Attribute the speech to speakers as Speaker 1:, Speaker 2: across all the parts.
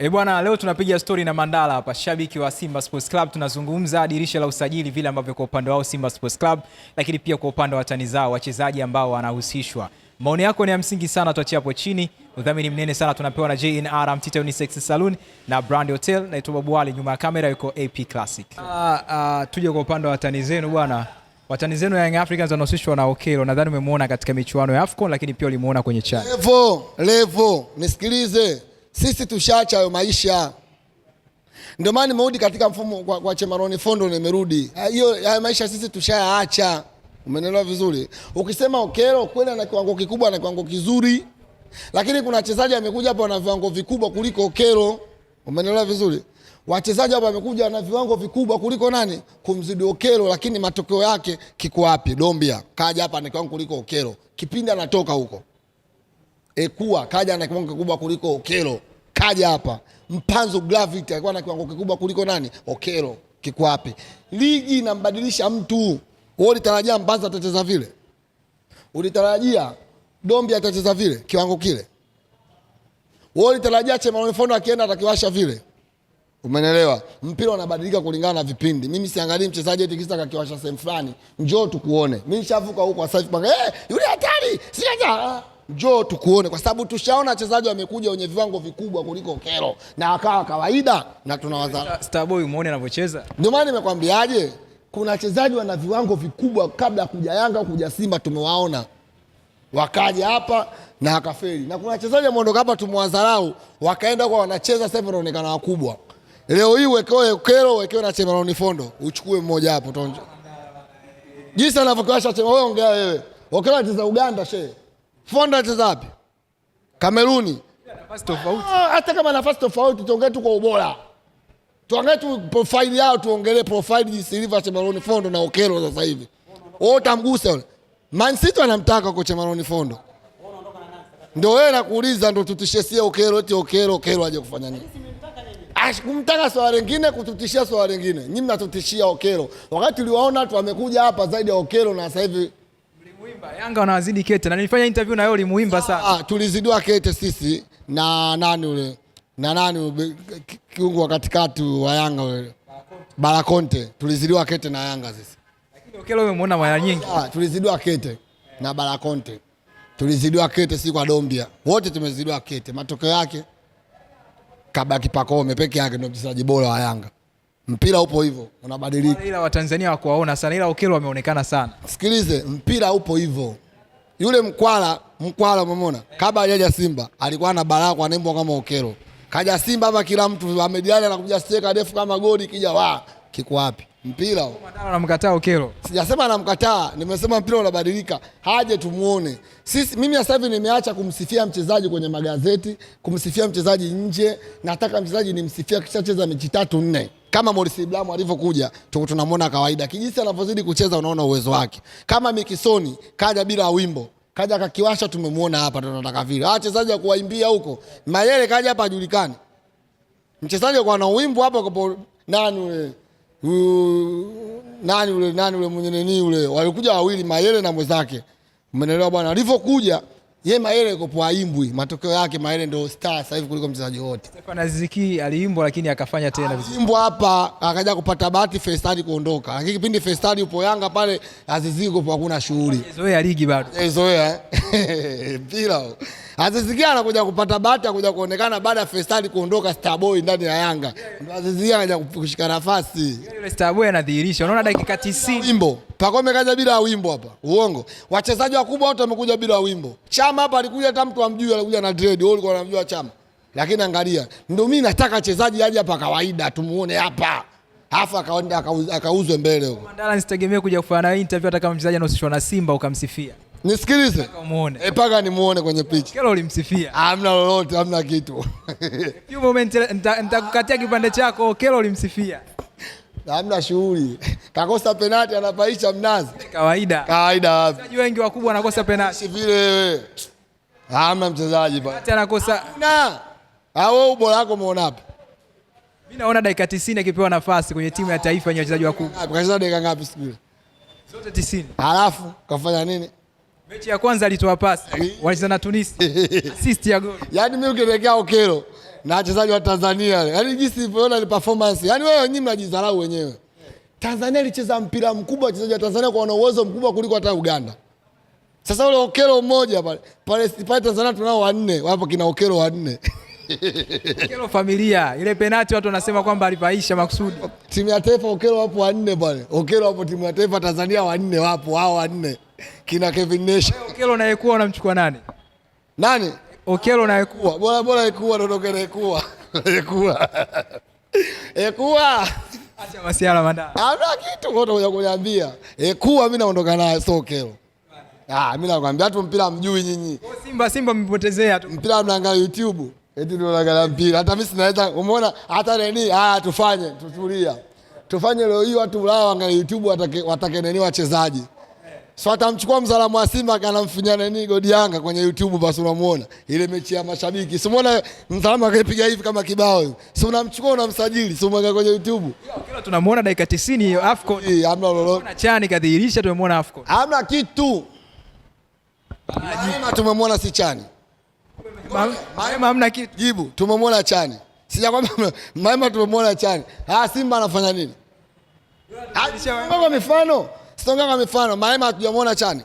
Speaker 1: E bwana, leo tunapiga stori na Mandala hapa, shabiki wa Simba Sports Club. Tunazungumza dirisha la usajili, vile ambavyo kwa upande wao Simba Sports Club, lakini pia kwa upande wa watani zao, wachezaji ambao wanahusishwa. Maoni yako ni ya msingi sana, tuachie hapo chini. Udhamini mnene sana tunapewa na JNR Mtita Unisex Saloon na Brand Hotel. Naitwa Babu Wali, nyuma ya kamera yuko AP Classic.
Speaker 2: Uh, uh, tuje kwa upande wa watani zenu bwana watani zenu ya Young Africans wanahusishwa na Okelo. Nadhani umemuona katika michuano ya AFCON, lakini pia ulimuona kwenye chat.
Speaker 3: Levo, levo, nisikilize sisi tushaacha hayo maisha, ndio maana nimerudi katika mfumo kwa, kwa Chemaroni Fondo, nimerudi hiyo hayo maisha sisi tushaacha. Umeelewa vizuri? Ukisema Okero kweli ana kiwango kikubwa na kiwango kizuri, lakini kuna wachezaji wamekuja hapa wana viwango vikubwa kuliko Okero. Umeelewa vizuri? Wachezaji hapa wamekuja na viwango vikubwa kuliko nani? Kumzidi Okero, lakini matokeo yake kiko wapi? Dombia kaja hapa na kiwango kuliko Okero, kipindi anatoka huko Ekua kaja na kiwango kikubwa kuliko Okero kaja hapa mpanzo Gravity alikuwa na kiwango kikubwa kuliko nani? Okelo Kikwape. Ligi inambadilisha mtu. Wewe ulitarajia mpanzo atacheza vile? Ulitarajia Dombi atacheza vile kiwango kile? Wewe ulitarajia Chemanofono akienda atakiwasha vile? Umenelewa? Mpira unabadilika kulingana na vipindi. Mimi siangalii mchezaji eti kisa kakiwasha sehemu fulani. Njoo tukuone. Mimi nishavuka huko sasa hivi. Eh, yule hata hii yaani, siaja ah, njoo tukuone, kwa sababu tushaona wachezaji wamekuja wenye viwango vikubwa kuliko Kero na akawa kawaida, na tunawaza
Speaker 2: Starboy, umeone anavyocheza.
Speaker 3: Ndio maana nimekwambiaje, kuna wachezaji wana viwango vikubwa, kabla ya kuja Yanga kuja Simba tumewaona wakaja hapa na akafeli, na kuna wachezaji wameondoka hapa tumewadharau, wakaenda kwa wanacheza sasa hivi wanaonekana wakubwa. Leo hii wekewe Kero, wekewe na Chemaroni Fondo, uchukue mmoja hapo tonje, jinsi anavyokiwasha Chema. Wewe ongea wewe Okela anacheza Uganda she. Fonda anacheza wapi? Kameruni.
Speaker 2: Nafasi tofauti. Ah,
Speaker 3: hata kama nafasi tofauti tuongee tu kwa ubora. Tuangalie tu profile yao tuongelee profile jinsi ilivyo Chemaroni Fondo na Okelo sasa hivi. Wao utamgusa yule. Man City anamtaka kwa Chemaroni Fondo. Ndio wewe nakuuliza ndio tutishesia Okelo eti Okelo Okelo aje kufanya nini? Ah, kumtaka swala lingine kututishia swala lingine. Nyinyi mnatutishia Okelo. Wakati uliwaona watu wamekuja hapa zaidi ya Okelo na sasa hivi
Speaker 2: Muimba, Yanga wanawazidi Kete na nilifanya interview na yeye ulimuimba sana.
Speaker 3: Ah, tulizidiwa Kete sisi na nani ule? Na nani kiungo wa katikati wa Yanga ule? Barakonte. Tulizidiwa Kete na Yanga sisi.
Speaker 2: Lakini Okelo umemuona mara nyingi. Ah,
Speaker 3: tulizidiwa Kete na Barakonte. Tulizidiwa Kete si kwa Dombia. Wote tumezidiwa Kete. Matokeo yake Kabaki Pakome peke yake ndio mchezaji bora wa Yanga. Mpira upo hivyo, unabadilika.
Speaker 2: Ila Watanzania wakuwaona sana, ila Okello wameonekana sana.
Speaker 3: Sikilize, mpira upo hivyo. Yule mkwala mkwala, umemwona kabla hajaja Simba alikuwa na balaa kwa nembo kama Okello. Kaja Simba hapa, kila mtu amediana, anakuja steka defu kama goli, kija wa kiko wapi mpira huo?
Speaker 2: Anamkataa Okello,
Speaker 3: sijasema anamkataa, nimesema mpira unabadilika, haje tumuone sisi. Mimi sasa hivi nimeacha kumsifia mchezaji kwenye magazeti, kumsifia mchezaji nje, nataka mchezaji nimsifia kishacheza mechi tatu nne kama Morris Ibrahim alivyokuja tunamwona kawaida, kijisi anavyozidi kucheza unaona uwezo wake. Kama Mikisoni kaja bila wimbo, kaja kakiwasha, tumemwona hapa, tunataka vile wachezaji wa kuwaimbia huko. Mayele kaja hapa, ajulikane mchezaji kwa na wimbo hapa kwa nani ule nani ule nani ule mwenye nini ule, walikuja wawili Mayele na mwenzake, umeelewa bwana, alivyokuja Ye Maele yuko poa Imbwi, matokeo yake Maele ndio star sasa hivi kuliko mchezaji wote.
Speaker 2: Stefan Aziziki aliimbwa lakini akafanya tena vizuri.
Speaker 3: Imbwa hapa akaja kupata bahati Festadi kuondoka. Lakini kipindi Festadi upo Yanga pale Aziziki yupo hakuna shughuli. ya ligi bado. ya. Eh? Bila. Aziziki anakuja kupata bahati akuja kuonekana baada ya Festadi kuondoka star boy ndani ya Yanga. Ndio Aziziki anakuja kushika nafasi.
Speaker 2: Yule star boy anadhihirisha. Unaona dakika 90.
Speaker 3: Imbo. Pakome kaja bila wimbo hapa, uongo. Wachezaji wakubwa wote wamekuja bila wimbo. Chama hapa alikuja hata mtu amjui, alikuja na dread, wao walikuwa wanamjua Chama. Lakini angalia, ndio mimi nataka wachezaji aje hapa kawaida, tumuone hapa Hafa akaenda akauzwe mbele huko.
Speaker 2: Mandala nisitegemee kuja kufanya interview hata kama mchezaji anahusishwa na Simba ukamsifia.
Speaker 3: Nisikilize. Eh, paka nimuone kwenye picha.
Speaker 2: Kero ulimsifia.
Speaker 3: Hamna lolote, hamna kitu.
Speaker 2: Few moment nitakukatia kipande chako, Kero ulimsifia
Speaker 3: hamna shughuli, kakosa penati anapaisha mnazi. Kawaida kawaida, wapi
Speaker 2: wengi wakubwa wanakosa penati. Si
Speaker 3: vile hamna mchezaji pale
Speaker 2: penati anakosa
Speaker 3: Hamna. au ah, ubora wako umeona hapa.
Speaker 2: Mimi naona dakika 90 akipewa nafasi kwenye timu ya taifa yenye wachezaji wakubwa.
Speaker 3: Kacheza dakika ngapi siku hiyo? Zote 90. Halafu kafanya nini?
Speaker 2: Mechi ya kwanza alitoa pasi, walicheza na Tunisia. Assist ya goli.
Speaker 3: Yaani mimi ukielekea Okelo na wachezaji wa Tanzania, yaani jinsi ilivyoona ni performance, yaani wewe nyinyi mnajidharau wenyewe. Tanzania ilicheza mpira mkubwa, wachezaji wa Tanzania kwa wana uwezo mkubwa kuliko hata Uganda. Sasa ule Okelo mmoja pale pale pale Tanzania tunao wanne, wapo kina Okelo wanne
Speaker 2: Okelo familia ile penati watu wanasema kwamba alipaisha makusudi.
Speaker 3: Timu ya taifa Okelo wapo wanne pale. Okelo wapo timu ya taifa Tanzania wanne wapo hao wanne. Kina Kevin Nesha.
Speaker 2: Okelo unayekuwa unamchukua nani? Nani? Okelo na Ekua.
Speaker 3: Bora bora Ekua tutoke na Ekua. Ekua. Ekua.
Speaker 2: Acha masiala mandaa.
Speaker 3: Hamna kitu ngoto kuja kuniambia. Ekua mimi naondoka naye so Okelo. Ah, mimi nakwambia hata mpira mjui nyinyi.
Speaker 2: Oh, Simba Simba mmepotezea tu.
Speaker 3: Mpira mnaangalia YouTube. Eti ndio naangalia mpira. Hata mimi sinaweza umeona hata nini? Ah, tufanye tutulia. Tufanye leo hii watu wao angalia YouTube watake watake nini wachezaji. So atamchukua mzalamu wa Simba akanamfinya nani Godi Yanga kwenye YouTube basi unamuona. Ile mechi ya mashabiki. Si umeona mzalamu akaipiga hivi kama kibao hivi. Si unamchukua unamsajili, si umweka kwenye YouTube.
Speaker 2: Kila tunamuona dakika 90 hiyo AFCON.
Speaker 3: Eh, hamna lolote. Kuna
Speaker 2: chani kadhihirisha tumemwona AFCON.
Speaker 3: Hamna kitu. Lazima tumemwona si chani.
Speaker 2: Maema hamna kitu.
Speaker 3: Jibu, tumemwona chani. Sijakwambia Maema tumemwona chani. Ah, Simba anafanya nini? Ah, mifano Sitaongea mifano, Maema hatujamwona chani.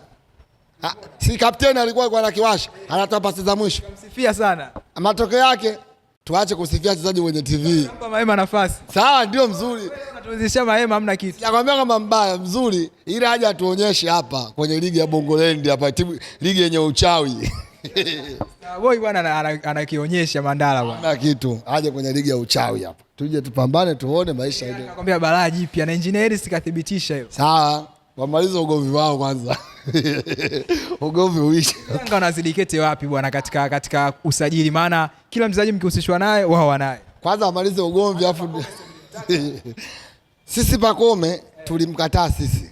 Speaker 3: Ha, si kapteni alikuwa kwa anakiwasha, anatoa pasi za mwisho.
Speaker 2: Kamsifia sana.
Speaker 3: Matokeo yake tuache kusifia wachezaji wenye TV. Kwa
Speaker 2: Maema nafasi.
Speaker 3: Sawa ndio mzuri.
Speaker 2: Tunazisha Maema hamna kitu.
Speaker 3: Nakwambia kama mbaya mzuri, ila haja atuonyeshe hapa kwenye ligi ya Bongolendi hapa timu ligi yenye uchawi.
Speaker 2: Boy bwana anakionyesha Mandala bwana.
Speaker 3: Na kitu aje kwenye ligi ya uchawi hapa. Tuje tupambane tuone maisha.
Speaker 2: Nakwambia balaa jipya na engineer sikathibitisha hiyo.
Speaker 3: Sawa wamaliza ugomvi wao kwanza ugomvi uishe.
Speaker 2: Yanga wanazidi wapi bwana katika, katika usajili? Maana kila mchezaji mkihusishwa naye wao wanaye,
Speaker 3: kwanza wamalize ugomvi afu sisi Pakome tulimkataa sisi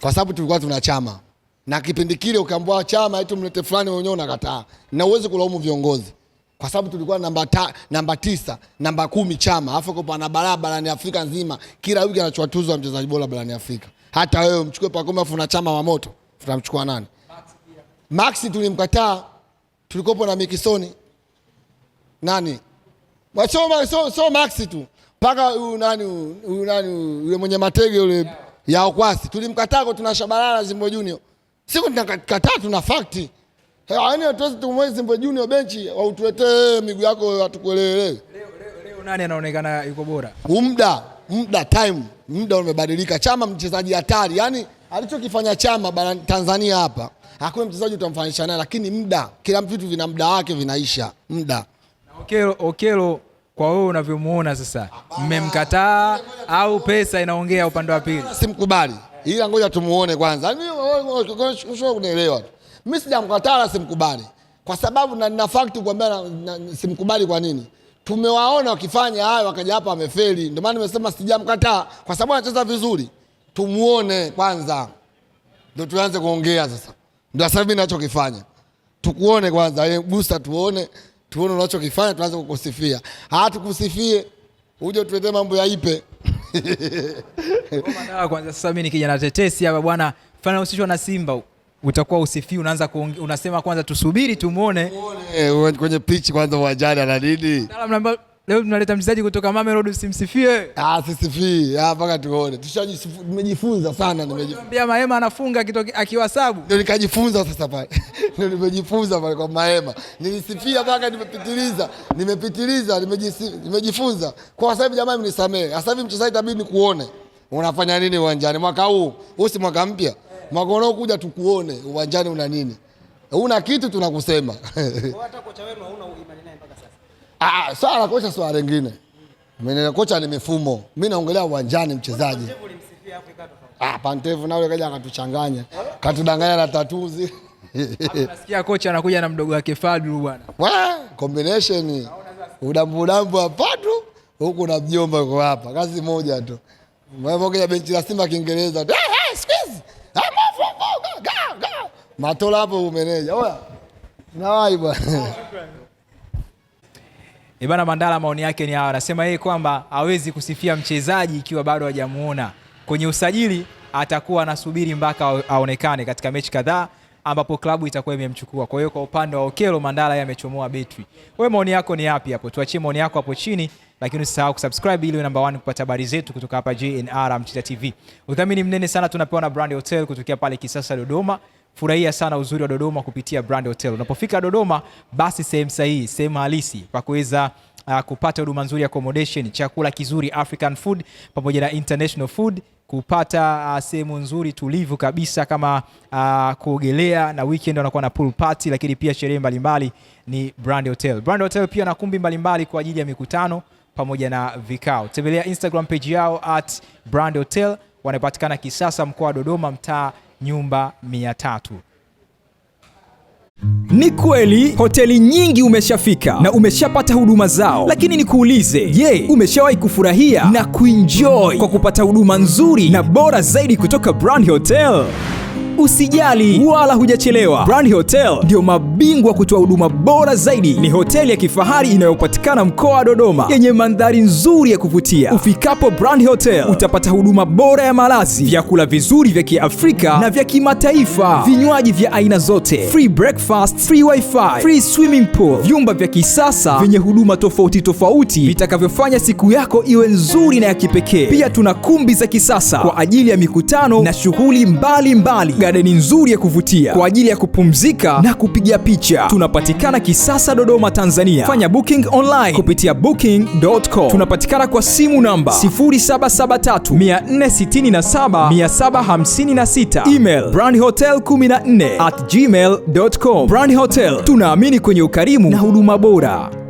Speaker 3: kwa sababu tulikuwa tuna chama na kipindi kile ukiambiwa chama eti mlete fulani, wenyewe unakataa, na uwezi kulaumu viongozi kwa sababu tulikuwa namba, ta, namba tisa namba kumi chama, afu kwa pana barabara barani Afrika nzima, kila wiki anachukua tuzo ya mchezaji bora barani Afrika. Hata wewe mchukue Pacome, afu na chama wa moto tutamchukua nani? Max, Maxi tulimkataa, tulikopo na Mikisoni nani so, so, so Max tu mpaka huyu nani huyu nani yule mwenye matege yule yeah. yao kwasi tulimkataa, tuna Shabalala Zimbo Junior siku tunakataa, tuna fakti yaani hatuwezi tumwezi Simba Junior benchi wautuletee miguu yako hatukuelewelewe. Leo,
Speaker 2: leo, leo nani anaonekana yuko bora?
Speaker 3: Umda, muda time, muda umebadilika. Chama mchezaji hatari, yaani alichokifanya Chama barani Tanzania hapa hakuna mchezaji utamfanisha naye, lakini muda, kila vitu vina muda wake, vinaisha muda.
Speaker 2: Okelo, Okelo kwa wewe unavyomuona sasa, mmemkataa au pesa inaongea upande wa pili?
Speaker 3: Simkubali, ila ngoja tumuone kwanza, unielewa tu mi sijamkataa simkubali, kwa sababu na nina fakti kuambia simkubali. Kwa nini? Tumewaona wakifanya hayo, wakaja hapa amefeli. Ndio maana nimesema sijamkataa, kwa sababu anacheza vizuri. Tumuone kwanza, ndio tuanze kuongea sasa. Ndio sasa mimi ninachokifanya, tukuone kwanza, yeye Busta, tuone tuone unachokifanya, tuanze kukusifia. hatukusifie tukusifie uje tuwete mambo ya ipe
Speaker 2: kwanza. Sasa mimi nikija na tetesi hapa bwana, fana usishwe na Simba huko utakuwa usifii, unaanza unasema kwanza tusubiri tumuone
Speaker 3: kwenye pitch kwanza uwanjani ana nini.
Speaker 2: Leo tunaleta mchezaji kutoka Mamelodi, simsifie
Speaker 3: Ah, sisifii ah, mpaka tuone, tumejifunza sana.
Speaker 2: Nimejiambia Mahema anafunga sabu,
Speaker 3: ndio nikajifunza sasa pale, ndio nimejifunza pale kwa Mahema, nilisifia mpaka nimepitiliza, nimepitiliza, nimejifunza kwa sababu jamaa, mnisamee, sasa hivi mchezaji tabidi nikuone unafanya nini uwanjani mwaka huu, usi mwaka mpya mwaka unaokuja tukuone uwanjani una nini. Una kitu tunakusema. Ah, ah swala kocha swala lingine. Mimi na kocha ni mifumo. Mimi naongelea uwanjani mchezaji. Ah, Pantevu na yule kaja akatuchanganya. Katudanganya na tatuzi.
Speaker 2: Nasikia kocha anakuja na mdogo wake Fadru bwana.
Speaker 3: Wa, combination. Udambu udambu wa Fadru Huku na mjomba yuko hapa. Kazi moja tu. Mmoja benchi la Simba Kiingereza. Matola hapo umeneja. Oya. Nawai bwana.
Speaker 2: Ebana Mandala maoni yake ni hawa, anasema yeye kwamba hawezi kusifia mchezaji ikiwa bado hajamuona kwenye usajili, atakuwa anasubiri mpaka aonekane katika mechi kadhaa ambapo klabu itakuwa imemchukua. Kwa hiyo kwa upande wa Okelo Mandala, yeye amechomoa betri. Wewe maoni yako ni yapi hapo? Tuachie maoni yako hapo chini, lakini usisahau kusubscribe ili namba 1 kupata habari zetu kutoka hapa JNR Mtita TV. Udhamini mnene sana tunapewa na Brand Hotel kutokea pale Kisasa Dodoma furahia sana uzuri wa Dodoma kupitia Brand Hotel. Unapofika Dodoma, basi sehemu sahihi, sehemu halisi kwa kuweza uh, kupata huduma nzuri ya accommodation, chakula kizuri African food pamoja na international food kupata uh, sehemu nzuri tulivu kabisa kama uh, kuogelea na weekend wanakuwa na pool party, lakini pia sherehe mbalimbali ni Brand Hotel. Brand Hotel pia na kumbi mbalimbali kwa ajili ya mikutano pamoja na vikao. Tembelea Instagram page yao at Brand Hotel, wanapatikana kisasa mkoa wa Dodoma, mtaa nyumba mia tatu.
Speaker 4: Ni kweli hoteli nyingi umeshafika na umeshapata huduma zao, lakini nikuulize, je, umeshawahi kufurahia na kuenjoy kwa kupata huduma nzuri na bora zaidi kutoka Brand Hotel? Usijali wala hujachelewa, Brand Hotel ndio mabingwa kutoa huduma bora zaidi. Ni hoteli ya kifahari inayopatikana mkoa wa Dodoma yenye mandhari nzuri ya kuvutia. Ufikapo Brand Hotel utapata huduma bora ya malazi, vyakula vizuri vya Kiafrika na vya kimataifa, vinywaji vya aina zote, free breakfast, free wifi, free swimming pool, vyumba vya kisasa vyenye huduma tofauti tofauti vitakavyofanya siku yako iwe nzuri na ya kipekee. Pia tuna kumbi za kisasa kwa ajili ya mikutano na shughuli mbalimbali gadeni nzuri ya kuvutia kwa ajili ya kupumzika na kupiga picha. Tunapatikana Kisasa, Dodoma, Tanzania. Fanya booking online kupitia booking.com. Tunapatikana kwa simu namba 0773467756, email brandhotel14 at gmail.com. tunaamini kwenye ukarimu na huduma bora.